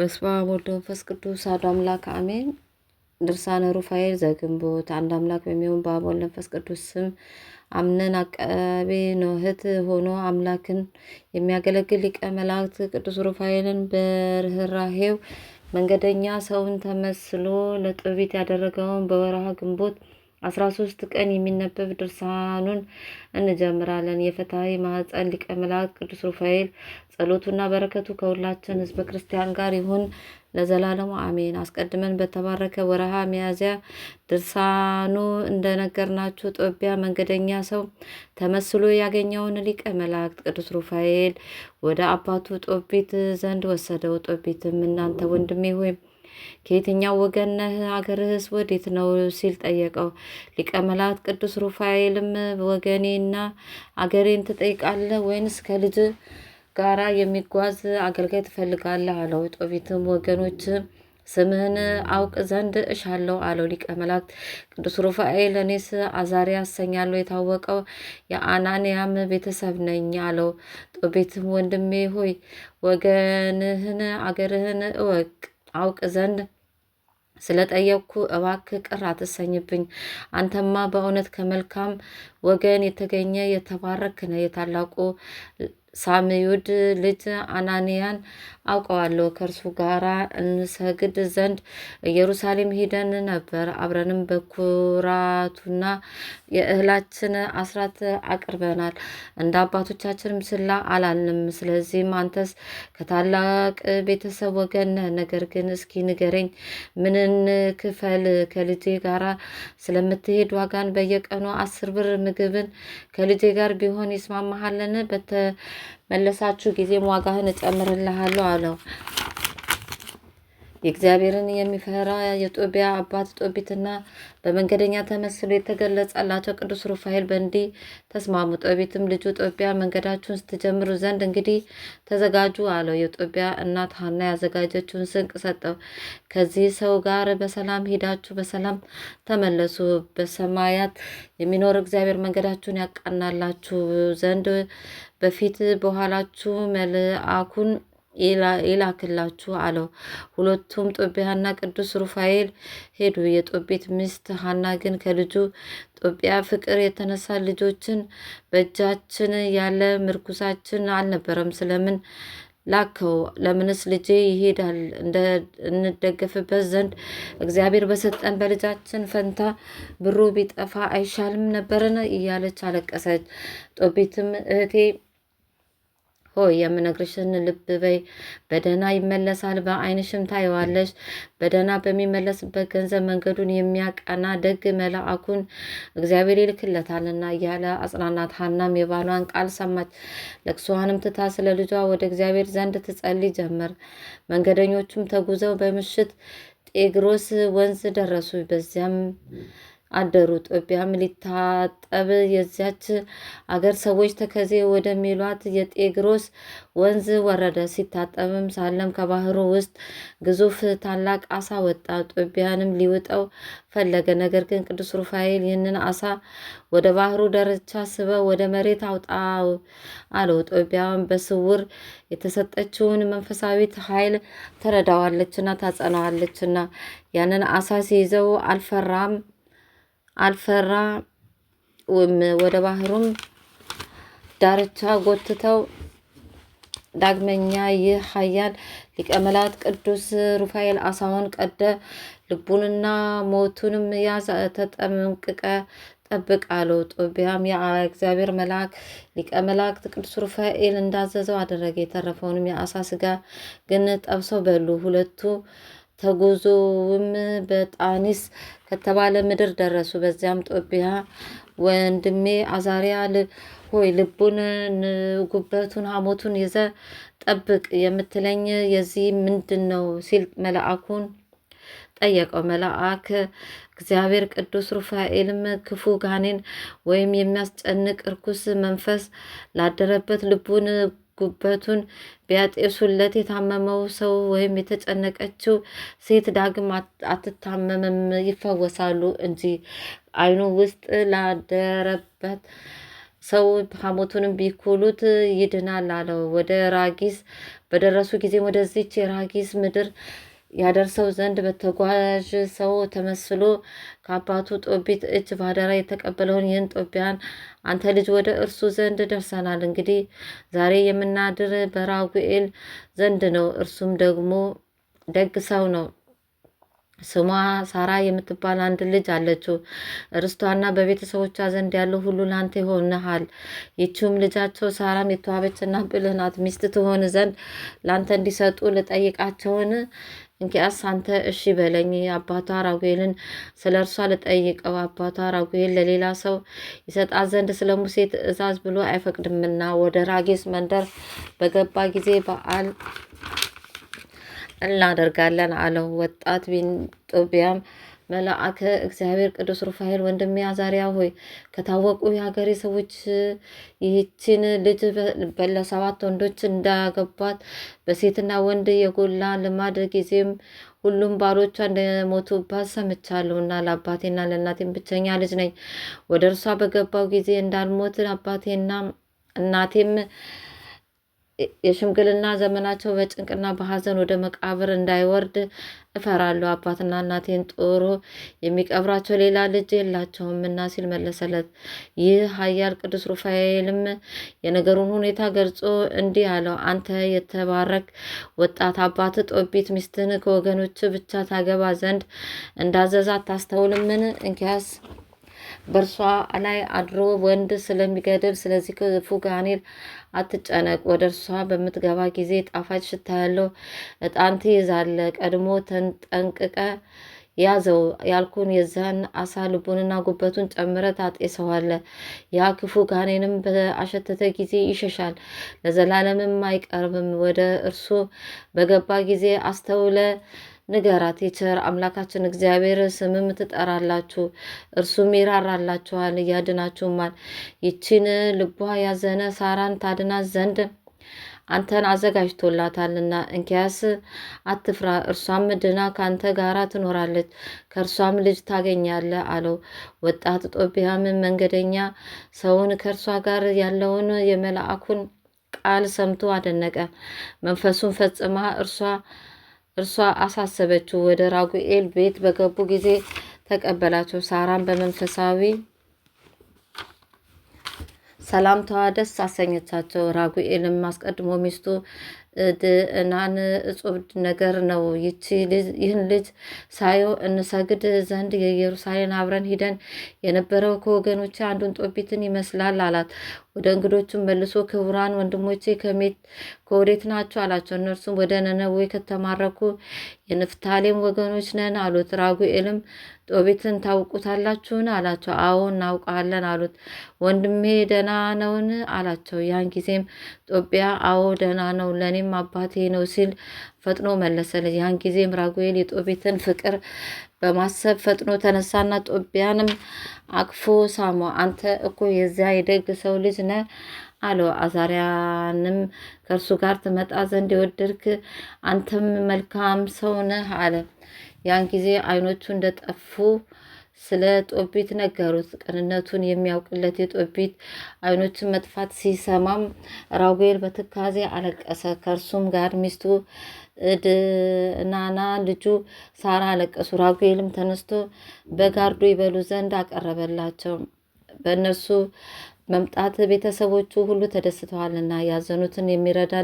በስመ አብ ወወልድ ወመንፈስ ቅዱስ አሐዱ አምላክ አሜን። ድርሳነ ሩፋኤል ዘግንቦት። አንድ አምላክ በሚሆን በአብ ወልድ መንፈስ ቅዱስ ስም አምነን አቃቤ ንውሕት ሆኖ አምላክን የሚያገለግል ሊቀ መላእክት ቅዱስ ሩፋኤልን በርኅራኄው መንገደኛ ሰውን ተመስሎ ለትዕቢት ያደረገውን በወርሃ ግንቦት አስራ ሶስት ቀን የሚነበብ ድርሳኑን እንጀምራለን። የፍትሐዊ ማህፀን ሊቀ መላእክት ቅዱስ ሩፋኤል ጸሎቱና በረከቱ ከሁላችን ህዝበ ክርስቲያን ጋር ይሁን ለዘላለሙ አሜን። አስቀድመን በተባረከ ወረሃ ሚያዝያ ድርሳኑ እንደነገርናችሁ ጦቢያ መንገደኛ ሰው ተመስሎ ያገኘውን ሊቀ መላእክት ቅዱስ ሩፋኤል ወደ አባቱ ጦቢት ዘንድ ወሰደው። ጦቢትም እናንተ ወንድሜ ሆይ ከየትኛው ወገን ነህ? ሀገርህስ ወዴት ነው? ሲል ጠየቀው። ሊቀ መላእክት ቅዱስ ሩፋኤልም ወገኔና አገሬን ትጠይቃለህ ወይንስ ከልጅ ጋራ የሚጓዝ አገልጋይ ትፈልጋለህ? አለው። ጦቢትም ወገኖች ስምህን አውቅ ዘንድ እሻለሁ አለው። ሊቀ መላእክት ቅዱስ ሩፋኤል እኔስ አዛሪ ያሰኛለሁ የታወቀው የአናንያም ቤተሰብ ነኝ አለው። ጦቢትም ወንድሜ ሆይ ወገንህን አገርህን እወቅ አውቅ ዘንድ ስለጠየቅኩ እባክ ቅር አትሰኝብኝ። አንተማ በእውነት ከመልካም ወገን የተገኘ የተባረክ ነህ። የታላቁ ሳምዩድ ልጅ አናንያን አውቀዋለሁ። ከእርሱ ጋራ እንሰግድ ዘንድ ኢየሩሳሌም ሂደን ነበር። አብረንም በኩራቱና የእህላችን አስራት አቅርበናል። እንደ አባቶቻችንም ስላ አላልንም። ስለዚህም አንተስ ከታላቅ ቤተሰብ ወገን ነህ። ነገር ግን እስኪ ንገረኝ፣ ምን እንክፈል? ከልጄ ጋራ ስለምትሄድ ዋጋን በየቀኑ አስር ብር ምግብን ከልጄ ጋር ቢሆን ይስማማሃልን? በተ መለሳችሁ ጊዜም ዋጋህን እጨምርልሃለሁ አለው። የእግዚአብሔርን የሚፈራ የጦቢያ አባት ጦቢትና በመንገደኛ ተመስሎ የተገለጸላቸው ቅዱስ ሩፋኤል በእንዲህ ተስማሙ። ጦቢትም ልጁ ጦቢያ መንገዳችሁን ስትጀምሩ ዘንድ እንግዲህ ተዘጋጁ አለው። የጦቢያ እናት ሐና ያዘጋጀችውን ስንቅ ሰጠው። ከዚህ ሰው ጋር በሰላም ሂዳችሁ በሰላም ተመለሱ። በሰማያት የሚኖር እግዚአብሔር መንገዳችሁን ያቃናላችሁ ዘንድ በፊት በኋላችሁ መልአኩን ይላክላችሁ አለው። ሁለቱም ጦቢያና ቅዱስ ሩፋኤል ሄዱ። የጦቢት ሚስት ሀና ግን ከልጁ ጦቢያ ፍቅር የተነሳ ልጆችን በእጃችን ያለ ምርኩሳችን አልነበረም፣ ስለምን ላከው? ለምንስ ልጄ ይሄዳል? እንደገፍበት ዘንድ እግዚአብሔር በሰጠን በልጃችን ፈንታ ብሩ ቢጠፋ አይሻልም ነበርን? እያለች አለቀሰች። ጦቢትም እህቴ ሆይ የምነግርሽን ልብ በይ። በደህና ይመለሳል፣ በዓይንሽም ታየዋለሽ። በደህና በሚመለስበት ገንዘብ መንገዱን የሚያቀና ደግ መልአኩን እግዚአብሔር ይልክለታልና እያለ አጽናናት። ሀናም የባሏን ቃል ሰማች። ልቅሷንም ትታ ስለ ልጇ ወደ እግዚአብሔር ዘንድ ትጸልይ ጀመር። መንገደኞቹም ተጉዘው በምሽት ጤግሮስ ወንዝ ደረሱ። በዚያም አደሩ። ጦቢያም ሊታጠብ የዚያች አገር ሰዎች ተከዜ ወደሚሏት የጤግሮስ ወንዝ ወረደ። ሲታጠብም ሳለም ከባህሩ ውስጥ ግዙፍ ታላቅ አሳ ወጣ። ጦቢያንም ሊውጠው ፈለገ። ነገር ግን ቅዱስ ሩፋኤል ይህንን አሳ ወደ ባህሩ ዳርቻ ስበ ወደ መሬት አውጣው አለው። ጦቢያም በስውር የተሰጠችውን መንፈሳዊት ኃይል ተረዳዋለችና ታጸናዋለችና ያንን አሳ ሲይዘው አልፈራም። አልፈራ ወደ ባህሩም ዳርቻ ጎትተው ዳግመኛ ይህ ኃያል ሊቀ መላእክት ቅዱስ ሩፋኤል አሳውን ቀደ። ልቡንና ሞቱንም ያዝ፣ ተጠንቅቀ ጠብቅ አለው። ጦቢያም የእግዚአብሔር መልአክ ሊቀ መላእክት ቅዱስ ሩፋኤል እንዳዘዘው አደረገ። የተረፈውንም የአሳ ስጋ ግን ጠብሰው በሉ። ሁለቱ ተጉዞውም በጣኒስ ከተባለ ምድር ደረሱ። በዚያም ጦቢያ ወንድሜ አዛሪያ ሆይ ልቡን ንጉበቱን ሐሞቱን ይዘ ጠብቅ የምትለኝ የዚህ ምንድን ነው ሲል መልአኩን ጠየቀው። መልአክ እግዚአብሔር ቅዱስ ሩፋኤልም ክፉ ጋኔን ወይም የሚያስጨንቅ እርኩስ መንፈስ ላደረበት ልቡን ጉበቱን ቢያጤሱለት የታመመው ሰው ወይም የተጨነቀችው ሴት ዳግም አትታመምም፣ ይፈወሳሉ እንጂ አይኑ ውስጥ ላደረበት ሰው ሐሞቱንም ቢኩሉት ይድናል አለው። ወደ ራጊስ በደረሱ ጊዜም ወደዚች የራጊስ ምድር ያደርሰው ዘንድ በተጓዥ ሰው ተመስሎ ከአባቱ ጦቢት እጅ ባደራ የተቀበለውን ይህን ጦቢያን አንተ ልጅ ወደ እርሱ ዘንድ ደርሰናል። እንግዲህ ዛሬ የምናድር በራጉኤል ዘንድ ነው። እርሱም ደግሞ ደግ ሰው ነው። ስሟ ሳራ የምትባል አንድ ልጅ አለችው። እርስቷና በቤተሰቦቿ ዘንድ ያለው ሁሉ ላንተ ይሆንሃል። ይቺውም ልጃቸው ሳራም የተዋበችና ብልህ ናት። ሚስት ትሆን ዘንድ ላንተ እንዲሰጡ ልጠይቃቸውን እንኪያስ አንተ እሺ በለኝ፣ አባቷ ራጉኤልን ስለ እርሷ ልጠይቀው። አባቷ ራጉኤል ለሌላ ሰው ይሰጣ ዘንድ ስለ ሙሴ ትእዛዝ ብሎ አይፈቅድምና ወደ ራጌስ መንደር በገባ ጊዜ በዓል እናደርጋለን አለው። ወጣት ቢንጦቢያም መልአከ እግዚአብሔር ቅዱስ ሩፋኤል ወንድሜ አዛሪያ ሆይ ከታወቁ የሀገሬ ሰዎች ይህችን ልጅ ለሰባት ወንዶች እንዳገቧት በሴትና ወንድ የጎላ ልማድ ጊዜም ሁሉም ባሎቿ እንደሞቱባት ሰምቻለሁና ለአባቴና ለእናቴም ብቸኛ ልጅ ነኝ። ወደ እርሷ በገባው ጊዜ እንዳልሞት አባቴና እናቴም የሽምግልና ዘመናቸው በጭንቅና በሐዘን ወደ መቃብር እንዳይወርድ እፈራለሁ። አባትና እናቴን ጦሮ የሚቀብራቸው ሌላ ልጅ የላቸውም እና ሲል መለሰለት። ይህ ኃያል ቅዱስ ሩፋኤልም የነገሩን ሁኔታ ገልጾ እንዲህ አለው። አንተ የተባረክ ወጣት አባት ጦቢት ሚስትን ከወገኖች ብቻ ታገባ ዘንድ እንዳዘዛ አታስተውልምን? እንኪያስ በእርሷ ላይ አድሮ ወንድ ስለሚገድል ስለዚህ ክፉ ጋኔል አትጨነቅ። ወደ እርሷ በምትገባ ጊዜ ጣፋጭ ሽታ ያለው ዕጣን ትይዛለ። ቀድሞ ተንጠንቅቀ ያዘው ያልኩን የዛን አሳ ልቡንና ጉበቱን ጨምረ ታጤሰዋለ። ያ ክፉ ጋኔንም በአሸተተ ጊዜ ይሸሻል፣ ለዘላለምም አይቀርብም። ወደ እርሱ በገባ ጊዜ አስተውለ ንገራት። የቸር አምላካችን እግዚአብሔር ስምም ትጠራላችሁ፣ እርሱም ይራራላችኋል፣ እያድናችሁማል። ይቺን ልቧ ያዘነ ሳራን ታድና ዘንድ አንተን አዘጋጅቶላታልና እንኪያስ አትፍራ፣ እርሷም ድና ከአንተ ጋራ ትኖራለች፣ ከእርሷም ልጅ ታገኛለ አለው። ወጣት ጦቢያም መንገደኛ ሰውን ከእርሷ ጋር ያለውን የመልአኩን ቃል ሰምቶ አደነቀ። መንፈሱን ፈጽማ እርሷ እርሷ አሳሰበችው። ወደ ራጉኤል ቤት በገቡ ጊዜ ተቀበላቸው። ሳራን በመንፈሳዊ ሰላምታዋ ደስ አሰኘቻቸው። ራጉኤልም አስቀድሞ ሚስቱ ድእናን እጹብድ ነገር ነው። ይህን ልጅ ሳየው እንሰግድ ዘንድ የኢየሩሳሌም አብረን ሂደን የነበረው ከወገኖቼ አንዱን ጦቢትን ይመስላል አላት። ወደ እንግዶቹም መልሶ ክቡራን ወንድሞቼ ከሜት ከወዴት ናቸው አላቸው። እነርሱም ወደ ነነዌ ከተማረኩ የንፍታሌም ወገኖች ነን አሉት። ራጉኤልም ጦቢትን ታውቁታላችሁን? አላቸው። አዎ እናውቃለን አሉት። ወንድሜ ደህና ነውን? አላቸው። ያን ጊዜም ጦቢያ አዎ ደህና ነው ለእኔ እኔም አባቴ ነው ሲል ፈጥኖ መለሰ። ያን ጊዜም ራጉኤል የጦቢትን ፍቅር በማሰብ ፈጥኖ ተነሳና ጦቢያንም አቅፎ ሳሞ። አንተ እኮ የዚያ የደግ ሰው ልጅ ነ አለው። አዛሪያንም ከእርሱ ጋር ትመጣ ዘንድ የወደድክ አንተም መልካም ሰው ነህ አለ። ያን ጊዜ አይኖቹ እንደጠፉ ስለ ጦቢት ነገሩት። ቅንነቱን የሚያውቅለት የጦቢት አይኖችን መጥፋት ሲሰማም ራጉኤል በትካዜ አለቀሰ። ከእርሱም ጋር ሚስቱ ዕድናና ልጁ ሳራ አለቀሱ። ራጉኤልም ተነስቶ በጋርዶ ይበሉ ዘንድ አቀረበላቸው። በእነርሱ መምጣት ቤተሰቦቹ ሁሉ ተደስተዋልና ያዘኑትን የሚረዳ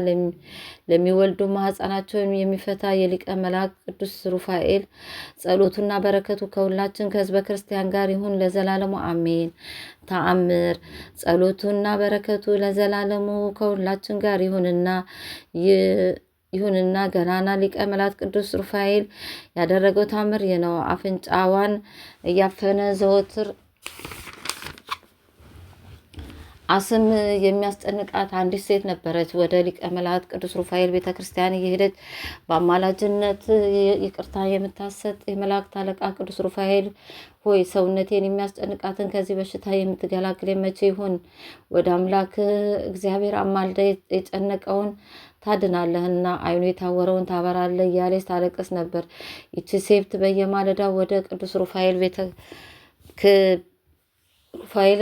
ለሚወልዱ ማህፀናቸውን የሚፈታ የሊቀ መልአክ ቅዱስ ሩፋኤል ጸሎቱና በረከቱ ከሁላችን ከህዝበ ክርስቲያን ጋር ይሁን ለዘላለሙ አሜን። ተአምር ጸሎቱና በረከቱ ለዘላለሙ ከሁላችን ጋር ይሁንና ይሁንና ገናና ሊቀ መላእክት ቅዱስ ሩፋኤል ያደረገው ታምር ነው። አፍንጫዋን እያፈነ ዘወትር አስም የሚያስጨንቃት አንዲት ሴት ነበረች። ወደ ሊቀ መላእክት ቅዱስ ሩፋኤል ቤተ ክርስቲያን እየሄደች በአማላጅነት ይቅርታ የምታሰጥ የመላእክት አለቃ ቅዱስ ሩፋኤል ሆይ ሰውነቴን የሚያስጨንቃትን ከዚህ በሽታ የምትገላግል መቼ ይሆን? ወደ አምላክ እግዚአብሔር አማልደ የጨነቀውን ታድናለህና አይኑ የታወረውን ታበራለህ እያለች ታለቅስ ነበር። ይቺ ሴት በየማለዳው ወደ ቅዱስ ሩፋኤል ቤተ ሩፋኤል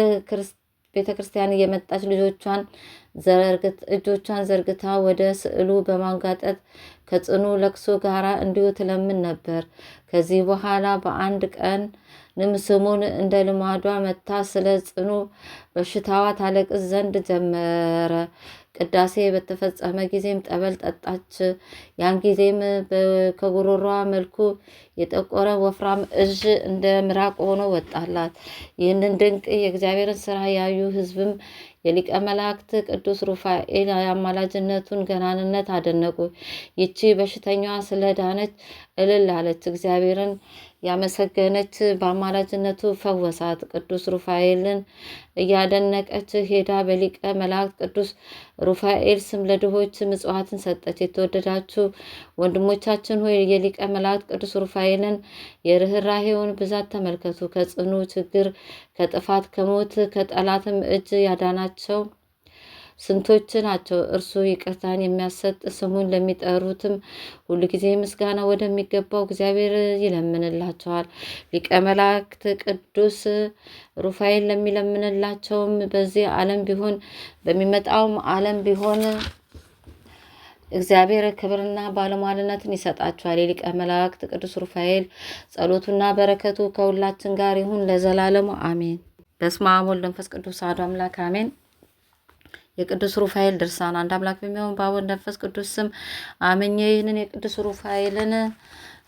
ቤተ ክርስቲያን የመጣች ልጆቿን እጆቿን ዘርግታ ወደ ስዕሉ በማንጋጠጥ ከጽኑ ለቅሶ ጋር እንዲሁ ትለምን ነበር። ከዚህ በኋላ በአንድ ቀን ንም ስሙን እንደ ልማዷ መታ ስለ ጽኑ በሽታዋ ታለቅስ ዘንድ ጀመረ። ቅዳሴ በተፈጸመ ጊዜም ጠበል ጠጣች። ያን ጊዜም ከጉሮሯ መልኩ የጠቆረ ወፍራም እዥ እንደ ምራቅ ሆኖ ወጣላት። ይህንን ድንቅ የእግዚአብሔርን ስራ ያዩ ህዝብም የሊቀ መላእክት ቅዱስ ሩፋኤል አማላጅነቱን ገናንነት አደነቁ። ይቺ በሽተኛዋ ስለዳነች እልል አለች እግዚአብሔርን ያመሰገነች በአማላጅነቱ ፈወሳት። ቅዱስ ሩፋኤልን እያደነቀች ሄዳ በሊቀ መላእክት ቅዱስ ሩፋኤል ስም ለድሆች ምጽዋትን ሰጠች። የተወደዳችሁ ወንድሞቻችን ሆይ የሊቀ መላእክት ቅዱስ ሩፋኤልን የርኅራሄውን ብዛት ተመልከቱ። ከጽኑ ችግር፣ ከጥፋት፣ ከሞት፣ ከጠላትም እጅ ያዳናቸው ስንቶች ናቸው። እርሱ ይቅርታን የሚያሰጥ ስሙን ለሚጠሩትም ሁሉ ጊዜ ምስጋና ወደሚገባው እግዚአብሔር ይለምንላቸዋል። ሊቀ መላእክት ቅዱስ ሩፋኤል ለሚለምንላቸውም በዚህ ዓለም ቢሆን በሚመጣውም ዓለም ቢሆን እግዚአብሔር ክብርና ባለሟልነትን ይሰጣቸዋል። የሊቀ መላእክት ቅዱስ ሩፋኤል ጸሎቱና በረከቱ ከሁላችን ጋር ይሁን ለዘላለሙ አሜን። በስመ አብ ወወልድ ወመንፈስ ቅዱስ አሐዱ አምላክ አሜን። የቅዱስ ሩፋኤል ድርሳን አንድ አምላክ በሚሆን በአብ መንፈስ ቅዱስ ስም አምኜ ይህንን የቅዱስ ሩፋኤልን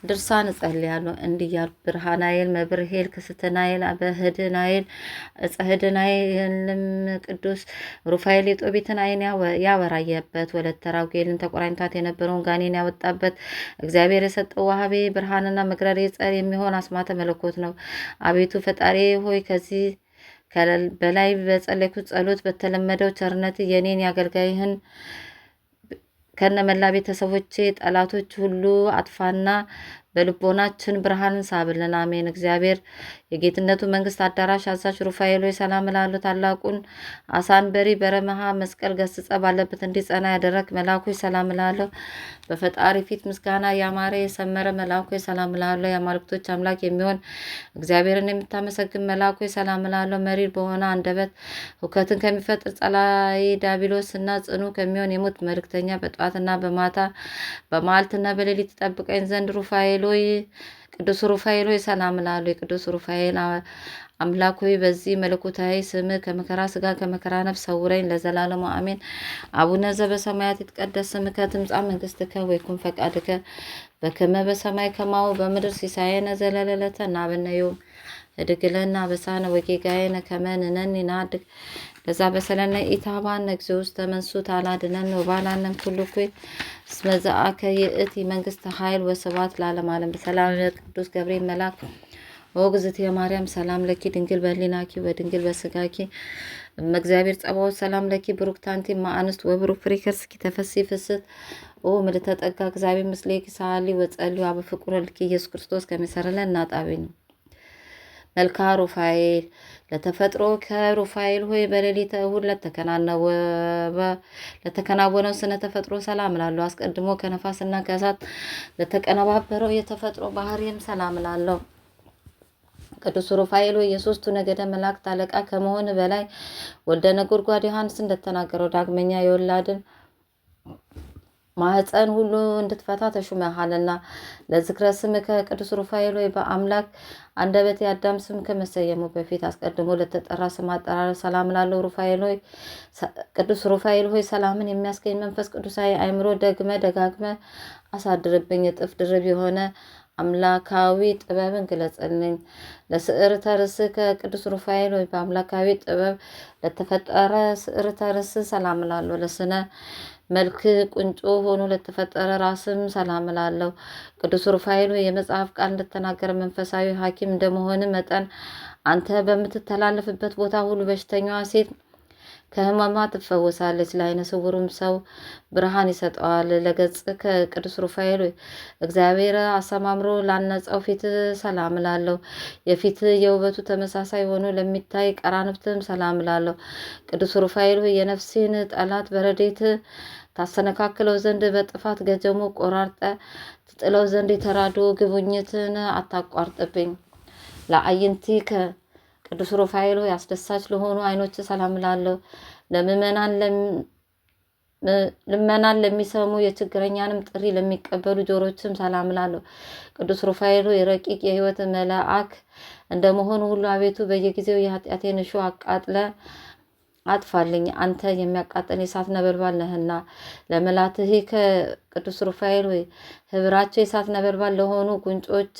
ድርሳን እጸልያለሁ። እንዲህ እያልኩ ብርሃናይል መብርሄል ክስትናይል አበህድናይል እጸህድናይልም ቅዱስ ሩፋኤል የጦቢትን ዓይን ያወራየበት ወለተ ራጉኤልን ተቆራኝቷት የነበረውን ጋኔን ያወጣበት እግዚአብሔር የሰጠው ዋህቤ ብርሃንና መግረሬ ጸር የሚሆን አስማተ መለኮት ነው። አቤቱ ፈጣሪ ሆይ ከዚህ በላይ በጸለይኩት ጸሎት በተለመደው ቸርነት የኔን የአገልጋይህን ከነመላ ቤተሰቦቼ ጠላቶች ሁሉ አጥፋና በልቦናችን ብርሃን ሳብልን። አሜን እግዚአብሔር የጌትነቱ መንግስት አዳራሽ አዛዥ ሩፋኤሎ ሰላም ላሉ ታላቁን አሳንበሪ በረመሃ መስቀል ገስጸ ባለበት እንዲጸና ያደረግ መላኩ ሰላም ላለው በፈጣሪ ፊት ምስጋና ያማረ የሰመረ መላኩ ሰላም እላለሁ። የአማልክቶች አምላክ የሚሆን እግዚአብሔርን የምታመሰግን መላኩ ሰላም እላለሁ። መሪር በሆነ አንደበት ሁከትን ከሚፈጥር ጸላይ ዳቢሎስ እና ጽኑ ከሚሆን የሞት መልእክተኛ በጠዋትና በማታ በማልትና በሌሊት ጠብቀኝ ዘንድ ሩፋኤሎይ ቅዱስ ሩፋኤል ሆይ ሰላም እላለሁ። የቅዱስ ሩፋኤል አምላክ ሆይ በዚህ መለኮታዊ ስም ከመከራ ስጋ ከመከራ ነፍስ ሰውረኝ ለዘላለሙ አሜን። አቡነ ዘበሰማያት ይትቀደስ ስምከ ትምጻእ መንግስትከ ወይኩን ፈቃድከ በከመ በሰማይ ከማሁ በምድር ሲሳየነ ዘለለዕለትነ ሀበነ ዮም እድግለና በሳነ ወጌጋየነ ከመንነኒ ናድግ በዛ በሰለነ ኢታባን ነግዜ ውስተ መንሱ ታላድነን ወባላለም ኩሉ ኩይ ስመዛአከ ይእቲ መንግስተ ኃይል ወስብሐት ለዓለመ ዓለም። በሰላም ቅዱስ ገብርኤል መላክ ወግዝት የማርያም ሰላም ለኪ ድንግል በሊናኪ ወድንግል በስጋኪ መእግዚአብሔር ጸባኦት ሰላም ለኪ ብሩክ ታንቲ ማአንስት ወብሩክ ፍሪከርስኪ ተፈሲ ፍስት ኦ ምልተጠጋ እግዚአብሔር ምስሌኪ ሳሊ ወጸልዩ አበ ፍቁረ ኢየሱስ ክርስቶስ ከመሰረለ እናጣቤ ነው መልካ ሩፋኤል ለተፈጥሮ ከሩፋኤል ሆይ በሌሊተ እሁድ ለተከናወነው ስነ ተፈጥሮ ሰላም ላለሁ። አስቀድሞ ከነፋስና ከእሳት ለተቀነባበረው የተፈጥሮ ባህሪም ሰላም ላለሁ። ቅዱስ ሩፋኤል ሆይ የሶስቱ ነገደ መላእክት አለቃ ከመሆን በላይ ወልደ ነጎድጓድ ዮሐንስ እንደተናገረው ዳግመኛ የወላድን ማህፀን ሁሉ እንድትፈታ ተሹመሃልና። ለዝክረ ስምከ ቅዱስ ሩፋኤል ሆይ በአምላክ አንደበት የአዳም ስም ከመሰየሙ በፊት አስቀድሞ ለተጠራ ስም አጠራር ሰላም ላለው ሩፋኤል ሆይ ቅዱስ ሩፋኤል ሆይ ሰላምን የሚያስገኝ መንፈስ ቅዱሳዊ አይምሮ ደግመ ደጋግመ አሳድርብኝ። እጥፍ ድርብ የሆነ አምላካዊ ጥበብን ግለጽልኝ። ለስዕር ተርስ ከቅዱስ ሩፋኤል ወይ በአምላካዊ ጥበብ ለተፈጠረ ስዕር ተርስ ሰላም ላለው ለስነ መልክ ቁንጮ ሆኖ ለተፈጠረ ራስም ሰላም እላለሁ። ቅዱስ ሩፋኤል የመጽሐፍ ቃል እንደተናገረ መንፈሳዊ ሐኪም እንደመሆን መጠን አንተ በምትተላለፍበት ቦታ ሁሉ በሽተኛዋ ሴት ከህማማት ትፈወሳለች። ለአይነ ስውሩም ሰው ብርሃን ይሰጠዋል። ለገጽ ከቅዱስ ሩፋኤል እግዚአብሔር አሰማምሮ ላነጸው ፊት ሰላም ላለው የፊት የውበቱ ተመሳሳይ ሆኖ ለሚታይ ቀራንብትም ሰላም ላለው። ቅዱስ ሩፋኤል የነፍሴን ጠላት በረዴት ታሰነካክለው ዘንድ በጥፋት ገጀሞ ቆራርጠ ትጥለው ዘንድ የተራዶ ግቡኝትን አታቋርጥብኝ ለአይንቲ ቅዱስ ሩፋኤል ሆይ አስደሳች ለሆኑ አይኖች ሰላም ላለው ልመናን ለሚሰሙ የችግረኛንም ጥሪ ለሚቀበሉ ጆሮችም ሰላም ላለው ቅዱስ ሩፋኤል ሆይ ረቂቅ የሕይወት መልአክ እንደመሆኑ ሁሉ አቤቱ በየጊዜው የኃጢአቴን እሾህ አቃጥለ አጥፋልኝ አንተ የሚያቃጠን የእሳት ነበልባል ነህና። ለመላትህ ከቅዱስ ሩፋኤል ወይ ህብራቸው የእሳት ነበልባል ለሆኑ ጉንጮች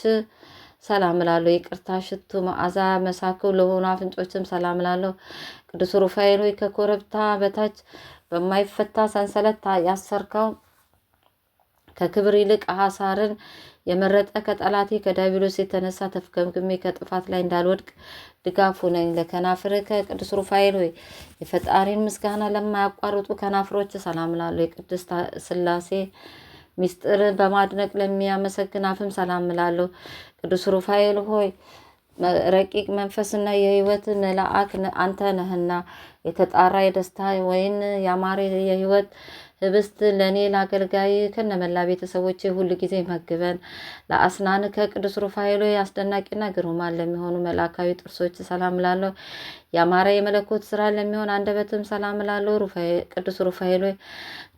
ሰላም እላለሁ። ይቅርታ ሽቱ መዓዛ መሳክብ ለሆኑ አፍንጮችም ሰላም እላለሁ። ቅዱስ ሩፋኤል ሆይ ከኮረብታ በታች በማይፈታ ሰንሰለት ያሰርከው ከክብር ይልቅ ሐሳርን የመረጠ ከጠላቴ ከዳቢሎስ የተነሳ ተፍገምግሜ ከጥፋት ላይ እንዳልወድቅ ድጋፉ ነኝ። ለከናፍር ከቅዱስ ሩፋኤል ሆይ የፈጣሪን ምስጋና ለማያቋርጡ ከናፍሮች ሰላም እላለሁ። የቅዱስ ስላሴ ሚስጥርን በማድነቅ ለሚያመሰግን አፍም ሰላም እላለሁ። ቅዱስ ሩፋኤል ሆይ ረቂቅ መንፈስና የህይወት መልአክ አንተ ነህና የተጣራ የደስታ ወይን ያማረ የህይወት ህብስት ለእኔ ለአገልጋይ ከነመላ ቤተሰቦች ሁሉ ጊዜ መግበን። ለአስናን ከቅዱስ ሩፋኤሎ አስደናቂና ግሩማን ለሚሆኑ መላካዊ ጥርሶች ሰላም ላለው የአማራ የመለኮት ስራ ለሚሆን አንደበትም ሰላም ላለው ቅዱስ ሩፋኤሎ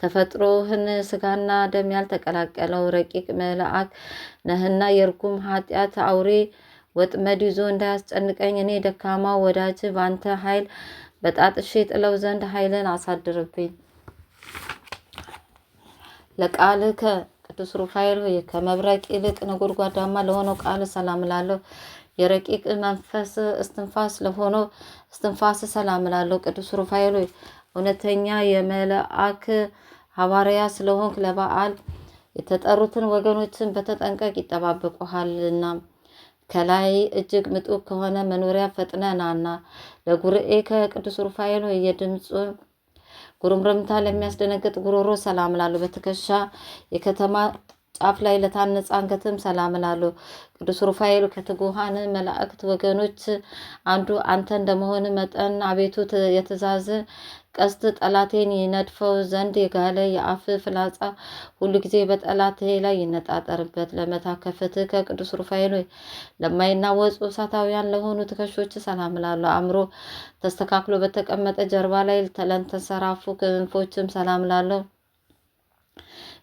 ተፈጥሮህን ስጋና ደም ያልተቀላቀለው ረቂቅ መልአክ ነህና የርጉም ኃጢአት አውሬ ወጥመድ ይዞ እንዳያስጨንቀኝ እኔ ደካማው ወዳጅ በአንተ ኃይል በጣጥሼ ጥለው ዘንድ ኃይልን አሳድርብኝ። ለቃልከ ቅዱስ ሩፋኤል ሆይ ከመብረቅ ይልቅ ነጎድጓዳማ ለሆነው ቃል ሰላም እላለሁ። የረቂቅ መንፈስ እስትንፋስ ለሆነው እስትንፋስ ሰላም እላለሁ። ቅዱስ ሩፋኤል ሆይ እውነተኛ የመልአክ ሐዋርያ ስለሆንክ ለበዓል የተጠሩትን ወገኖችን በተጠንቀቅ ይጠባበቁሃልና ከላይ እጅግ ምጡቅ ከሆነ መኖሪያ ፈጥነናና ለጉርኤ ከቅዱስ ሩፋኤል ሆይ የድምፁ ጉርምርምታ ለሚያስደነግጥ ጉሮሮ ሰላም እላለሁ። በትከሻ የከተማ ጫፍ ላይ ለታነጻ አንገትም ሰላም እላለሁ። ቅዱስ ሩፋኤል ከትጉሃን መላእክት ወገኖች አንዱ አንተ እንደመሆን መጠን አቤቱ የትእዛዝ ቀስት ጠላቴን ይነድፈው ዘንድ የጋለ የአፍ ፍላጻ ሁሉ ጊዜ በጠላቴ ላይ ይነጣጠርበት። ለመታ ከፍትህ ከቅዱስ ሩፋኤል ሆይ ለማይናወጹ እሳታውያን ለሆኑ ትከሾች ሰላም ላለሁ። አእምሮ ተስተካክሎ በተቀመጠ ጀርባ ላይ ለተንሰራፉ ክንፎችም ሰላም ላለሁ።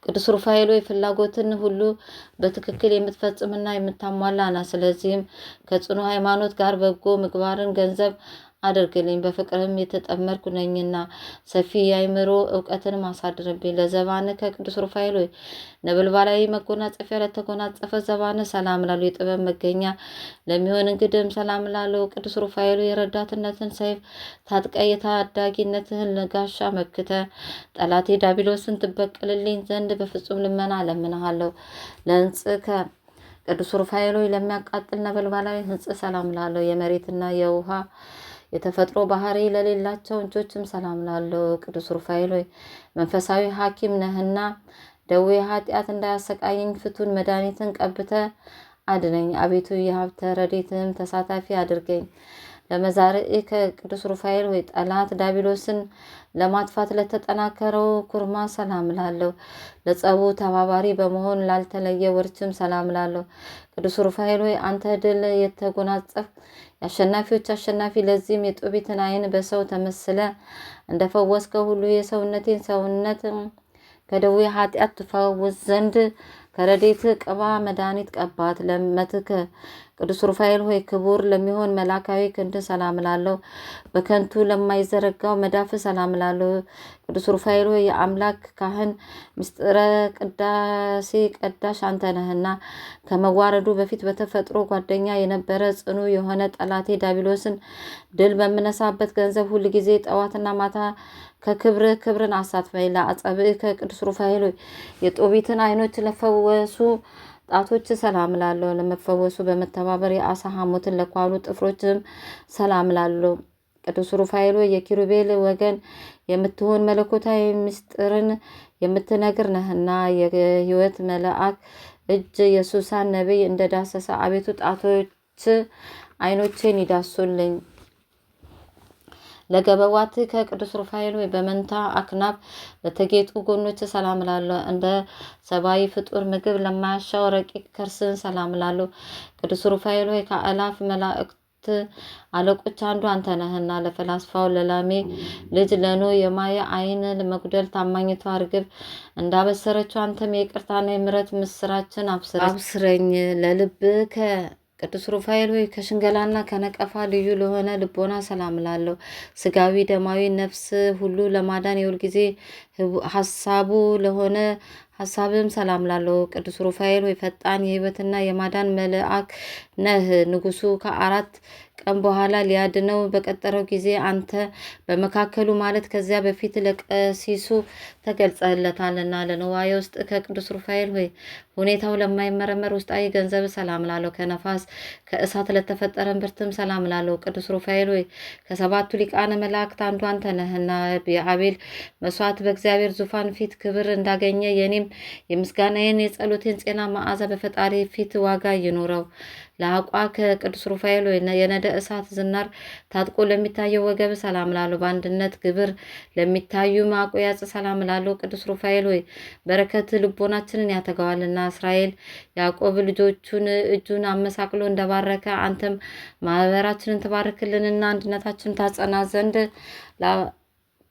ቅዱስ ሩፋኤል ሆይ ፍላጎትን ሁሉ በትክክል የምትፈጽምና የምታሟላ ና። ስለዚህም ከጽኑ ሃይማኖት ጋር በጎ ምግባርን ገንዘብ አድርግልኝ። በፍቅርም የተጠመርኩ ነኝና ሰፊ የአይምሮ እውቀትን ማሳድርብኝ። ለዘባን ከቅዱስ ሩፋኤል ሆይ ነበልባላዊ መጎናጸፊያ ለተጎናጸፈ ዘባን ሰላም ላሉ የጥበብ መገኛ ለሚሆን እንግድም ሰላም ላሉ ቅዱስ ሩፋኤሉ የረዳትነትን ሰይፍ ታጥቀ የታዳጊነትህን ጋሻ መክተ ጠላቴ ዳቢሎስን ትበቅልልኝ ዘንድ በፍጹም ልመና ለምንሃለሁ። ለእንጽከ ቅዱስ ሩፋኤሉ ለሚያቃጥል ነበልባላዊ ህንጽ ሰላም ላለው የመሬትና የውሃ የተፈጥሮ ባህሪ ለሌላቸው እንጆችም ሰላም ላለው ቅዱስ ሩፋኤል ሆይ መንፈሳዊ ሐኪም ነህና ደዌ ኃጢአት እንዳያሰቃየኝ ፍቱን መድኃኒትን ቀብተ አድነኝ። አቤቱ የሀብተ ረዴትም ተሳታፊ አድርገኝ። ለመዛርኢ ከቅዱስ ሩፋኤል ወይ ጠላት ዳቢሎስን ለማጥፋት ለተጠናከረው ኩርማ ሰላም ላለሁ። ለጸቡ ተባባሪ በመሆን ላልተለየ ወርችም ሰላም ላለሁ። ቅዱስ ሩፋኤል ወይ አንተ ድል የተጎናጸፍ የአሸናፊዎች አሸናፊ ለዚህም የጦቢትን ዓይን በሰው ተመስለ እንደፈወስከው ሁሉ የሰውነቴን ሰውነት ከደዌ ኃጢአት ትፈውስ ዘንድ ከረዴት ቅባ መድኃኒት ቀባት ለመትክ ቅዱስ ሩፋኤል ሆይ ክቡር ለሚሆን መላካዊ ክንድ ሰላም ላለሁ፣ በከንቱ ለማይዘረጋው መዳፍ ሰላም ላለሁ። ቅዱስ ሩፋኤል ሆይ የአምላክ ካህን ምስጢረ ቅዳሴ ቀዳሽ አንተ ነህና ከመዋረዱ በፊት በተፈጥሮ ጓደኛ የነበረ ጽኑ የሆነ ጠላቴ ዳቢሎስን ድል በምነሳበት ገንዘብ ሁል ጊዜ ጠዋትና ማታ ከክብር ክብርን አሳትፈኝ። ለአጸብእ ከቅዱስ ሩፋኤል ሆይ የጦቢትን አይኖች ለፈወሱ ጣቶች ሰላም ላለው ለመፈወሱ በመተባበር የአሳ ሐሞትን ለኳሉ ጥፍሮችም ሰላም ላለው ቅዱስ ሩፋኤሎ የኪሩቤል ወገን የምትሆን መለኮታዊ ምስጢርን የምትነግር ነህና የህይወት መልአክ እጅ የሱሳን ነቢይ እንደዳሰሰ አቤቱ ጣቶች አይኖቼን ይዳሱልኝ። ለገበዋት ከቅዱስ ሩፋኤል ወይ በመንታ አክናፍ ለተጌጡ ጎኖች ሰላም ላሉ እንደ ሰብአዊ ፍጡር ምግብ ለማያሻው ረቂቅ ከርስን ሰላም ላሉ ቅዱስ ሩፋኤል ወይ ከአላፍ መላእክት አለቆች አንዱ አንተ ነህና ለፈላስፋው ለላሜ ልጅ ለኖ የማየ አይን ለመጉደል ታማኝቷ ርግብ እንዳበሰረችው አንተም የቅርታና የምረት ምስራችን አብስረኝ ለልብ ቅዱስ ሩፋኤል ሆይ ከሽንገላና ከነቀፋ ልዩ ለሆነ ልቦና ሰላም ላለሁ ስጋዊ ደማዊ ነፍስ ሁሉ ለማዳን የሁል ጊዜ ሀሳቡ ለሆነ ሀሳብም ሰላም ላለሁ ቅዱስ ሩፋኤል ሆይ ፈጣን የህይወትና የማዳን መልአክ ነህ። ንጉሱ ከአራት ቀን በኋላ ሊያድነው በቀጠረው ጊዜ አንተ በመካከሉ ማለት ከዚያ በፊት ለቀሲሱ ተገልጸለታልና ለንዋየ ውስጥ ከቅዱስ ሩፋኤል ሆይ ሁኔታው ለማይመረመር ውስጣዊ ገንዘብ ሰላም ላለው ከነፋስ ከእሳት ለተፈጠረ ብርትም ሰላም ላለው ቅዱስ ሩፋኤል ሆይ ከሰባቱ ሊቃነ መላእክት አንዱ አንተ ነህና የአቤል መስዋዕት በእግዚአብሔር ዙፋን ፊት ክብር እንዳገኘ የኔም የምስጋናዬን የጸሎቴን ጤና መዓዛ በፈጣሪ ፊት ዋጋ ይኑረው። ለአቋ ከቅዱስ ሩፋኤል የነደ እሳት ዝናር ታጥቆ ለሚታየው ወገብ ሰላም ላሉ በአንድነት ግብር ለሚታዩ ማቆያጽ ሰላም ላሉ ቅዱስ ሩፋኤል ወይ በረከት ልቦናችንን ያተገዋልና እስራኤል ያዕቆብ ልጆቹን እጁን አመሳቅሎ እንደባረከ አንተም ማህበራችንን ትባርክልንና አንድነታችን ታጸና ዘንድ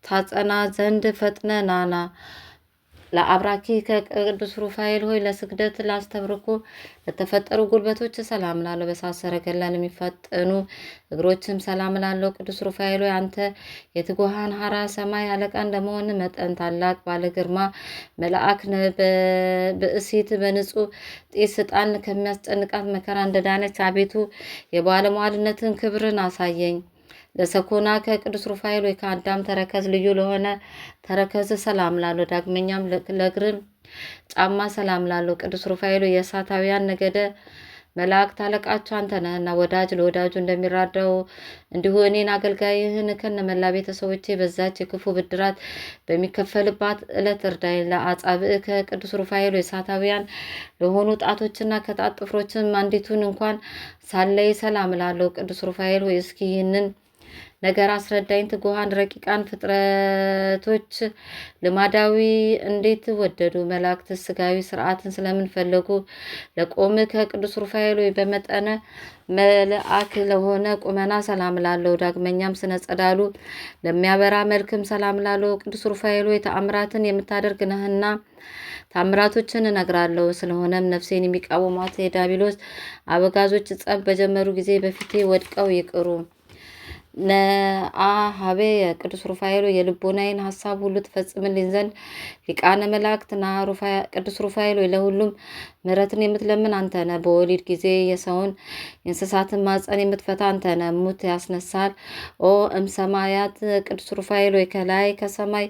ታጸና ዘንድ ፈጥነ ናና ለአብራኪ ከቅዱስ ሩፋኤል ሆይ ለስግደት ላስተብርኩ ለተፈጠሩ ጉልበቶች ሰላም ላለው በሳሰረ ገላ ለሚፈጠኑ እግሮችም ሰላም ላለው ቅዱስ ሩፋኤል ሆይ አንተ የትጉሃን ሀራ ሰማይ አለቃ እንደመሆን መጠን ታላቅ ባለ ግርማ መልአክ ብእሲት በንጹህ ጢስ ስጣን ከሚያስጨንቃት መከራ እንደዳነች አቤቱ የባለሟልነትን ክብርን አሳየኝ። ለሰኮና ቅዱስ ሩፋኤል ወይ ከአዳም ተረከዝ ልዩ ለሆነ ተረከዝ ሰላም ላለው፣ ዳግመኛም ለእግርም ጫማ ሰላም ላለው ቅዱስ ሩፋኤሉ የእሳታውያን ነገደ መላእክት አለቃቸው አንተ ነህና ወዳጅ ለወዳጁ እንደሚራዳው እንዲሁ እኔን አገልጋይህን ከነ መላ ቤተሰቦቼ በዛች የክፉ ብድራት በሚከፈልባት ዕለት እርዳይ። ለአጻብዕከ ከቅዱስ ሩፋኤል የእሳታውያን ለሆኑ ጣቶችና ከጣት ጥፍሮችም አንዲቱን እንኳን ሳለይ ሰላም ላለው ቅዱስ ሩፋኤል እስኪ ይህንን ነገር አስረዳኝ። ትጉሃን ረቂቃን ፍጥረቶች ልማዳዊ እንዴት ወደዱ? መላእክት ስጋዊ ስርዓትን ስለምን ፈለጉ? ለቆም ከቅዱስ ሩፋኤል ወይ በመጠነ መልአክ ለሆነ ቁመና ሰላም ላለው ዳግመኛም ስነ ጸዳሉ ለሚያበራ መልክም ሰላም ላለው ቅዱስ ሩፋኤል ወይ ተአምራትን የምታደርግ ነህና ታምራቶችን እነግራለሁ። ስለሆነም ነፍሴን የሚቃወሟት የዳቢሎስ አበጋዞች ጸብ በጀመሩ ጊዜ በፊቴ ወድቀው ይቅሩ። ነአሃቤ ቅዱስ ሩፋኤሎ የልቦናዬን ሀሳብ ሁሉ ትፈጽምልኝ ዘንድ ሊቃነ መላእክት ቅዱስ ሩፋኤሉ ለሁሉም ምሕረትን የምትለምን አንተ ነህ። በወሊድ ጊዜ የሰውን የእንስሳትን ማፀን የምትፈታ አንተ ነህ። ሙት ያስነሳል። ኦ እምሰማያት ቅዱስ ሩፋኤሎ ከላይ ከሰማይ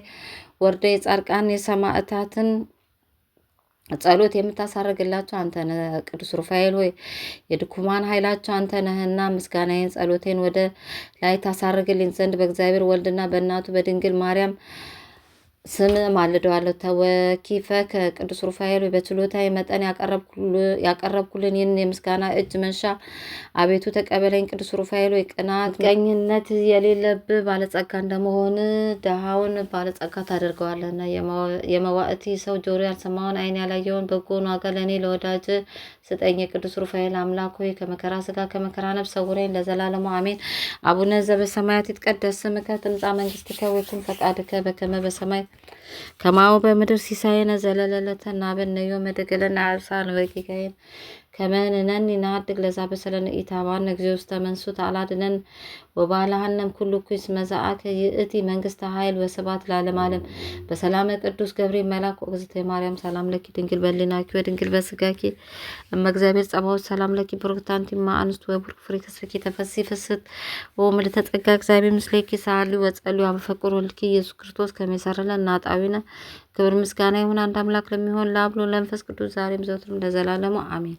ወርደ የጻድቃን የሰማዕታትን ጸሎት የምታሳርግላቸው አንተ ነህ። ቅዱስ ሩፋኤል ሆይ የድኩማን ኃይላቸው አንተ ነህና ምስጋናዬን ጸሎቴን ወደ ላይ ታሳርግልኝ ዘንድ በእግዚአብሔር ወልድና በእናቱ በድንግል ማርያም ስም ማልደዋለሁ ተወኪፈከ ቅዱስ ሩፋኤል በችሎታዬ መጠን ያቀረብኩልን ይህን የምስጋና እጅ መንሻ አቤቱ ተቀበለኝ። ቅዱስ ሩፋኤል ቅናት ቀኝነት የሌለብህ ባለጸጋ እንደመሆን ድሃውን ባለጸጋ ታደርገዋለህና የመዋእቲ ሰው ጆሮ ያልሰማውን ዓይን ያላየውን በጎን ዋጋ ለእኔ ለወዳጅ ስጠኝ። የቅዱስ ሩፋኤል አምላክ ሆይ ከመከራ ስጋ ከመከራ ነፍስ ሰውረኝ ለዘላለሙ አሜን። አቡነ ዘበሰማያት ይትቀደስ ስምከ ትምጻእ መንግስትከ ወይኩን ፈቃድከ በከመ በሰማይ ከማሁ በምድር ሲሳየነ ዘለለለተ እና በነዮ መደገለና አርሳን ወጌጋይን ከመንነኒ ንዓድግ ለዛበሰለኒ ኢታባነ እግዚኦ ውስተ መንሱት አላድነን ወባልሃንም ኩሉ ኩስ መዛአከ ይእቲ መንግስተ ኃይል ወስባት ላለም ዓለም በሰላመ ቅዱስ ገብርኤል መልአክ ወእግዝእትየ ማርያም ሰላም ለኪ ድንግል በሊናኪ ወድንግል በስጋኪ እመ እግዚአብሔር ጸባኦት ሰላም ለኪ ብሩክት አንቲማ አንስት ወቡርክ ፍሬ ተስብኪ ተፈሲ ፍስት ወምልዕተ ጸጋ እግዚአብሔር ምስሌኪ ሳሊ ወጸልዩ አበ ፍቁር ወልድኪ ኢየሱስ ክርስቶስ ከመ ይሠረይለነ ኃጣውኢነ ክብር ምስጋና ይሁን አንድ አምላክ ለሚሆን ለአብ ለወልድ ለመንፈስ ቅዱስ ዛሬም ዘወትርም ለዘላለሙ አሜን።